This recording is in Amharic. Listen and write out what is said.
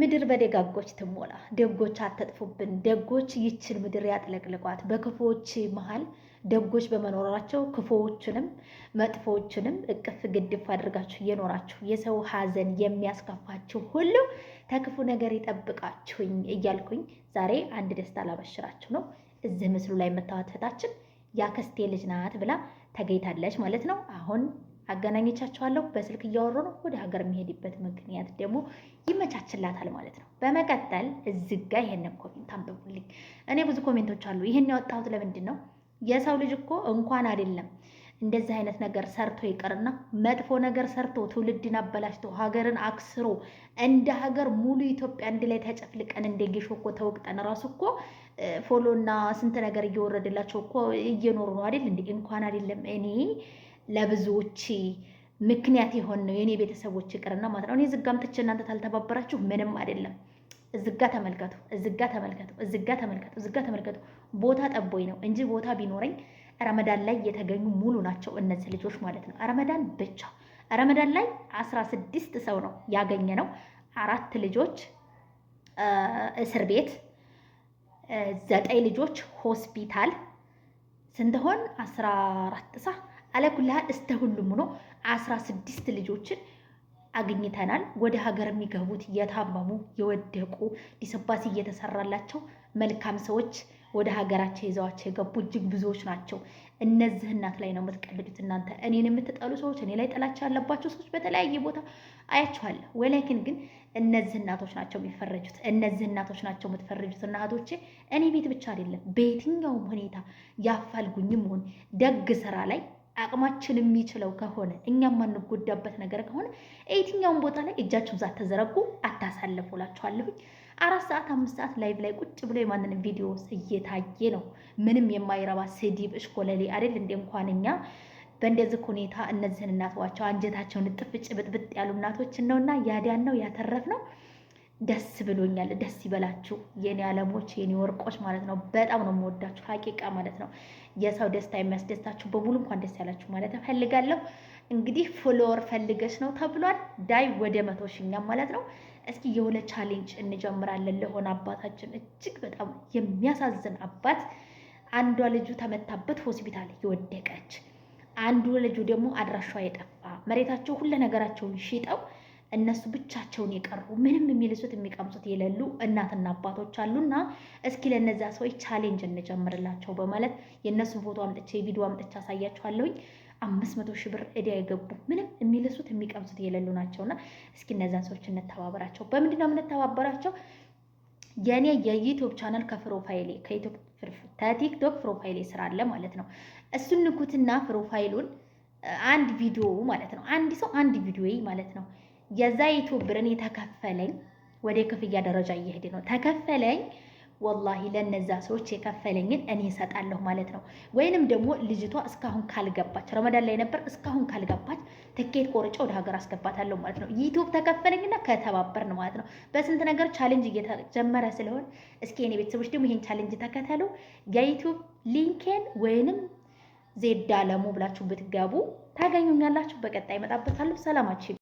ምድር በደጋጎች ትሞላ፣ ደጎች አተጥፉብን። ደጎች ይችን ምድር ያጥለቅልቋት። በክፉዎች መሀል ደጎች በመኖራቸው ክፉዎቹንም መጥፎዎችንም እቅፍ ግድፍ አድርጋችሁ እየኖራችሁ የሰው ሀዘን የሚያስከፋችሁ ሁሉ ተክፉ ነገር ይጠብቃችሁኝ እያልኩኝ ዛሬ አንድ ደስታ ላበሽራችሁ ነው። እዚህ ምስሉ ላይ የምታዋት እህታችን ያክስቴ ልጅ ናት ብላ ተገኝታለች ማለት ነው አሁን አገናኝቻቸዋለሁ። በስልክ እያወሩ ነው። ወደ ሀገር የሚሄድበት ምክንያት ደግሞ ይመቻችላታል ማለት ነው። በመቀጠል እዚህ ጋ ይሄንን ኮሜንት አንብቡልኝ። እኔ ብዙ ኮሜንቶች አሉ። ይህን ያወጣሁት ለምንድን ነው? የሰው ልጅ እኮ እንኳን አይደለም እንደዚህ አይነት ነገር ሰርቶ ይቅርና መጥፎ ነገር ሰርቶ ትውልድን አበላሽቶ ሀገርን አክስሮ እንደ ሀገር ሙሉ ኢትዮጵያ አንድ ላይ ተጨፍልቀን እንደ ጌሾ እኮ ተወቅጠን ራሱ እኮ ፎሎና ስንት ነገር እየወረደላቸው እኮ እየኖሩ ነው አይደል? እንዴ እንኳን አይደለም እኔ ለብዙዎች ምክንያት የሆን ነው የእኔ ቤተሰቦች ይቅርና ማለት ነው። እኔ ዝጋም ትች እናንተ ታልተባበራችሁ ምንም አይደለም። እዝጋ ተመልከቱ፣ እዝጋ ተመልከቱ፣ እዝጋ ተመልከቱ፣ እዝጋ ተመልከቱ። ቦታ ጠቦኝ ነው እንጂ ቦታ ቢኖረኝ ረመዳን ላይ የተገኙ ሙሉ ናቸው እነዚህ ልጆች ማለት ነው። ረመዳን ብቻ ረመዳን ላይ አስራ ስድስት ሰው ነው ያገኘ ነው። አራት ልጆች እስር ቤት፣ ዘጠኝ ልጆች ሆስፒታል። ስንት ሆን? አስራ አራት ሳ አለኩላ እስተ ሁሉም ሆኖ አስራ ስድስት ልጆችን አግኝተናል። ወደ ሀገር የሚገቡት የታመሙ የወደቁ ዲስባሲ እየተሰራላቸው መልካም ሰዎች ወደ ሀገራቸው ይዘዋቸው የገቡ እጅግ ብዙዎች ናቸው። እነዚህ እናት ላይ ነው የምትቀልዱት እናንተ እኔን የምትጠሉ ሰዎች፣ እኔ ላይ ጥላቻ ያለባቸው ሰዎች በተለያየ ቦታ አያችኋለሁ። ወላይክን ግን እነዚህ እናቶች ናቸው የሚፈረጁት፣ እነዚህ እናቶች ናቸው የምትፈረጁት። እናቶቼ እኔ ቤት ብቻ አይደለም በየትኛውም ሁኔታ ያፋልጉኝም ሆን ደግ ስራ ላይ አቅማችን የሚችለው ከሆነ እኛም ማንጎዳበት ነገር ከሆነ የትኛውን ቦታ ላይ እጃችሁን ሳትዘረጉ አታሳልፉ እላችኋለሁኝ። አራት ሰዓት አምስት ሰዓት ላይቭ ላይ ቁጭ ብሎ የማንንም ቪዲዮ እየታየ ነው። ምንም የማይረባ ስድብ እሽኮለሌ አይደል እንዴ? እንኳን እኛ በእንደዚህ ሁኔታ እነዚህን እናትዋቸው አንጀታቸውን ጥፍጭ ብጥብጥ ያሉ እናቶችን ነውና ያዳን ነው ያተረፍ ነው። ደስ ብሎኛል። ደስ ይበላችሁ የኔ አለሞች፣ የኔ ወርቆች ማለት ነው። በጣም ነው የምወዳችሁ ሀቂቃ ማለት ነው። የሰው ደስታ የሚያስደስታችሁ በሙሉ እንኳን ደስ ያላችሁ ማለት እፈልጋለሁ። እንግዲህ ፎሎወር ፈልገች ነው ተብሏል። ዳይ ወደ መቶ ሽኛም ማለት ነው። እስኪ የሆነ ቻሌንጅ እንጀምራለን። ለሆነ አባታችን እጅግ በጣም የሚያሳዝን አባት አንዷ ልጁ ተመታበት ሆስፒታል የወደቀች አንዱ ልጁ ደግሞ አድራሿ የጠፋ መሬታቸው ሁለ ነገራቸውን ሽጠው እነሱ ብቻቸውን የቀሩ ምንም የሚልሱት የሚቀምሱት የሌሉ እናትና አባቶች አሉና እስኪ ለነዛ ሰዎች ቻሌንጅ እንጀምርላቸው በማለት የእነሱን ፎቶ አምጥቼ የቪዲዮ አምጥቼ አሳያችኋለሁኝ። አምስት መቶ ሺህ ብር እዳ የገቡ ምንም የሚልሱት የሚቀምሱት የሌሉ ናቸውና እስኪ እነዚያን ሰዎች እንተባበራቸው። በምንድን ነው የምንተባበራቸው? የእኔ የዩቲዩብ ቻናል ከፕሮፋይሌ ከቲክቶክ ፕሮፋይሌ ስራ አለ ማለት ነው። እሱን ንኩትና ፕሮፋይሉን አንድ ቪዲዮ ማለት ነው። አንድ ሰው አንድ ቪዲዮ ማለት ነው የዛ ዩቲዩብ ብርን የተከፈለኝ ወደ ክፍያ ደረጃ እየሄድ ነው። ተከፈለኝ ወላሂ ለነዛ ሰዎች የከፈለኝን እኔ እሰጣለሁ ማለት ነው። ወይንም ደግሞ ልጅቷ እስካሁን ካልገባች ረመዳን ላይ ነበር፣ እስካሁን ካልገባች ትኬት ቆርጬ ወደ ሀገር አስገባታለሁ ማለት ነው። ዩቲዩብ ተከፈለኝና ከተባበርን ማለት ነው። በስንት ነገር ቻሌንጅ እየተጀመረ ስለሆን እስኪ እኔ ቤተሰቦች ደግሞ ይሄን ቻሌንጅ ተከተሉ። የዩቲዩብ ሊንኬን ወይንም ዜዳ ለሙ ብላችሁ ብትገቡ ታገኙኛላችሁ። በቀጣይ ይመጣበታለሁ። ሰላማችሁ